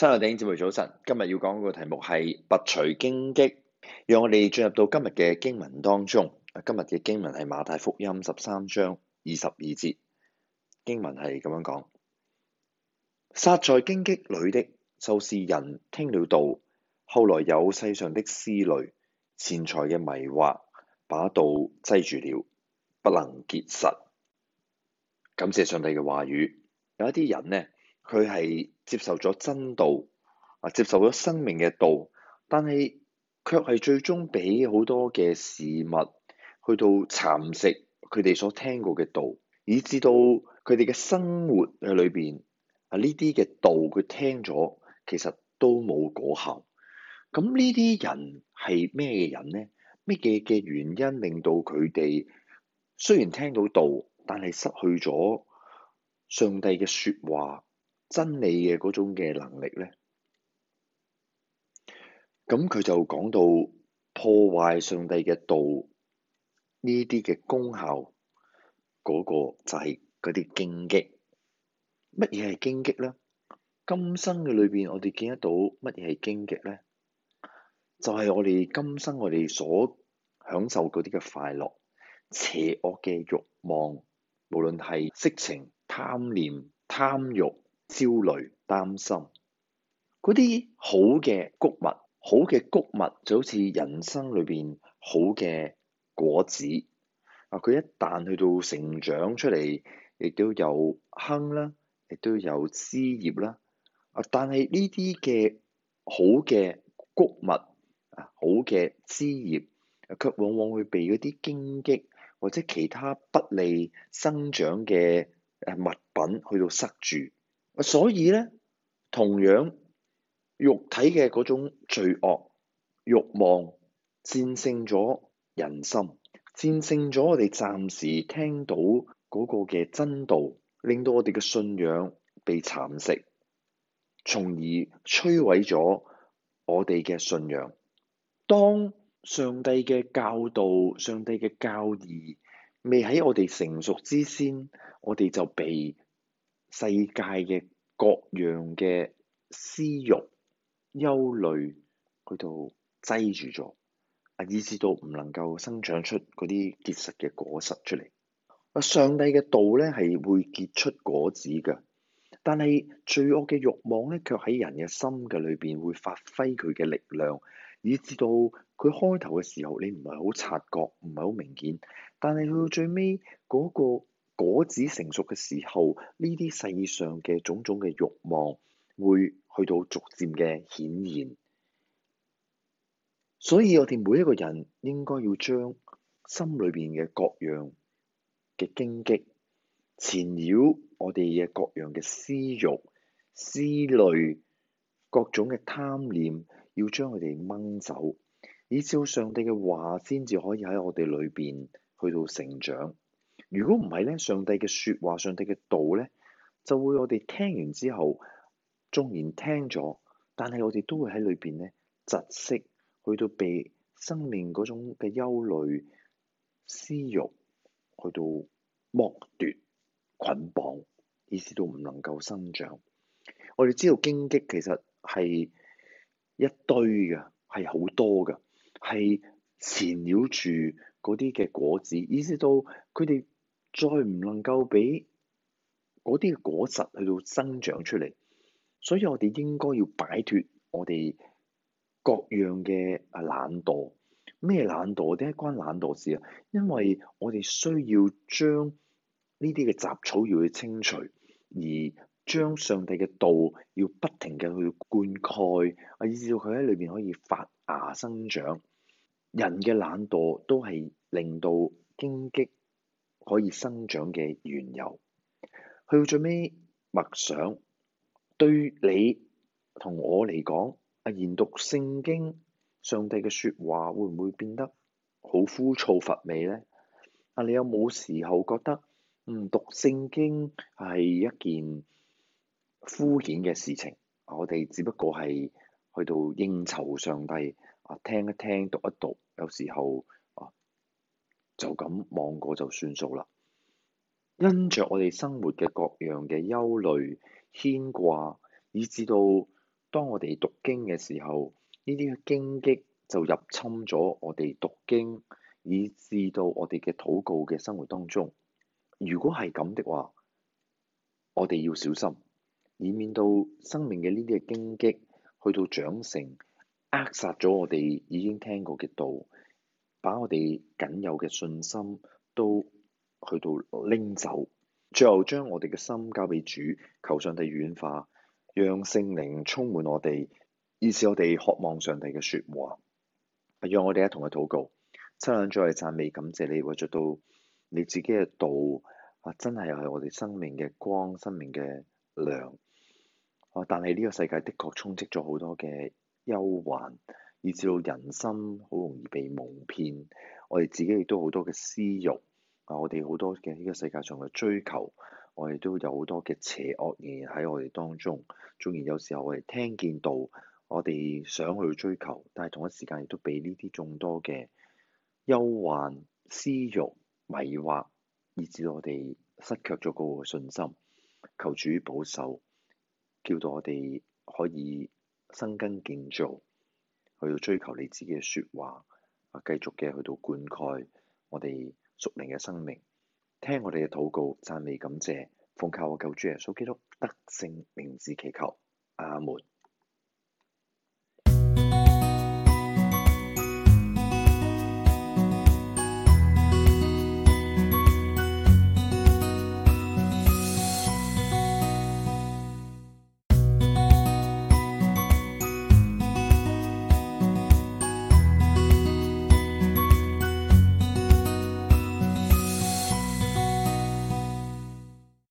親愛的弟兄姊妹早晨，今日要講嘅題目係拔除荊棘，讓我哋進入到今日嘅經文當中。今日嘅經文係馬太福音十三章二十二節，經文係咁樣講：撒在荊棘裏的，就是人聽了道，後來有世上的思慮、錢財嘅迷惑，把道擠住了，不能結實。感謝上帝嘅話語，有一啲人呢，佢係接受咗真道，啊，接受咗生命嘅道，但係卻係最終俾好多嘅事物去到蠶食佢哋所聽過嘅道，以至到佢哋嘅生活嘅裏邊啊，呢啲嘅道佢聽咗，其實都冇果效。咁呢啲人係咩人呢？咩嘢嘅原因令到佢哋雖然聽到道，但係失去咗上帝嘅説話？真理嘅嗰種嘅能力咧，咁佢就講到破壞上帝嘅道呢啲嘅功效，嗰、那個就係嗰啲荊棘。乜嘢係荊棘咧？今生嘅裏邊，我哋見得到乜嘢係荊棘咧？就係、是、我哋今生我哋所享受嗰啲嘅快樂、邪惡嘅慾望，無論係色情、貪念、貪欲。焦慮、擔心，嗰啲好嘅穀物，好嘅穀物就好似人生裏邊好嘅果子。啊，佢一旦去到成長出嚟，亦都有坑啦，亦都有枝葉啦。啊，但係呢啲嘅好嘅穀物啊，好嘅枝葉，啊，卻往往會被嗰啲荊棘或者其他不利生長嘅誒物品去到塞住。所以咧，同樣肉體嘅嗰種罪惡、慾望，戰勝咗人心，戰勝咗我哋暫時聽到嗰個嘅真道，令到我哋嘅信仰被蠶食，從而摧毀咗我哋嘅信仰。當上帝嘅教導、上帝嘅教義未喺我哋成熟之先，我哋就被世界嘅各樣嘅私欲、憂慮，佢度擠住咗，以至到唔能夠生長出嗰啲結實嘅果實出嚟。啊，上帝嘅道咧係會結出果子㗎，但係罪惡嘅欲望咧卻喺人嘅心嘅裏邊會發揮佢嘅力量，以至到佢開頭嘅時候你唔係好察覺，唔係好明顯，但係去到最尾嗰個。果子成熟嘅時候，呢啲世上嘅種種嘅慾望會去到逐漸嘅顯現，所以我哋每一個人應該要將心裏邊嘅各樣嘅荊棘、纏繞我哋嘅各樣嘅私慾、思慮、各種嘅貪念，要將佢哋掹走，以照上帝嘅話，先至可以喺我哋裏邊去到成長。如果唔係咧，上帝嘅説話，上帝嘅道咧，就會我哋聽完之後，縱然聽咗，但係我哋都會喺裏邊咧窒息，去到被生命嗰種嘅憂慮、私慾，去到剝奪、捆綁，意思到唔能夠生長。我哋知道荊棘其實係一堆嘅，係好多嘅，係纏繞住嗰啲嘅果子，意思到佢哋。再唔能夠俾嗰啲嘅果實去到生長出嚟，所以我哋應該要擺脱我哋各樣嘅啊懶惰，咩懶惰啊？點解關懶惰事啊？因為我哋需要將呢啲嘅雜草要去清除，而將上帝嘅道要不停嘅去灌溉，以至到佢喺裏面可以發芽生長。人嘅懶惰都係令到荊棘。可以生長嘅緣由，去到最尾默想，對你同我嚟講，研讀聖經、上帝嘅説話，會唔會變得好枯燥乏味呢？啊，你有冇時候覺得，唔讀聖經係一件敷衍嘅事情？我哋只不過係去到應酬上帝，啊，聽一聽、讀一讀，有時候。就咁望過就算數啦。因着我哋生活嘅各樣嘅憂慮牽掛，以至到當我哋讀經嘅時候，呢啲嘅荊棘就入侵咗我哋讀經，以至到我哋嘅禱告嘅生活當中。如果係咁的話，我哋要小心，以免到生命嘅呢啲嘅荊棘去到長成，扼殺咗我哋已經聽過嘅道。把我哋僅有嘅信心都去到拎走，最後將我哋嘅心交俾主，求上帝軟化，讓聖靈充滿我哋，以致我哋渴望上帝嘅説話。讓我哋一同去禱告，親眼再嚟讚美感謝你，為著到你自己嘅道啊，真係又係我哋生命嘅光、生命嘅亮。啊！但係呢個世界的確充斥咗好多嘅憂患。以至到人心好容易被蒙騙，我哋自己亦都好多嘅私慾，啊，我哋好多嘅呢個世界上嘅追求，我哋都有好多嘅邪惡嘅喺我哋當中，縱然有時候我哋聽見道，我哋想去追求，但係同一時間亦都俾呢啲眾多嘅憂患、私慾迷惑，以致我哋失卻咗個信心。求主保守，叫到我哋可以生根建造。去到追求你自己嘅説話，啊，繼續嘅去到灌溉我哋屬靈嘅生命，聽我哋嘅禱告，讚美感謝，奉靠我救主耶穌基督得勝名字祈求，阿門。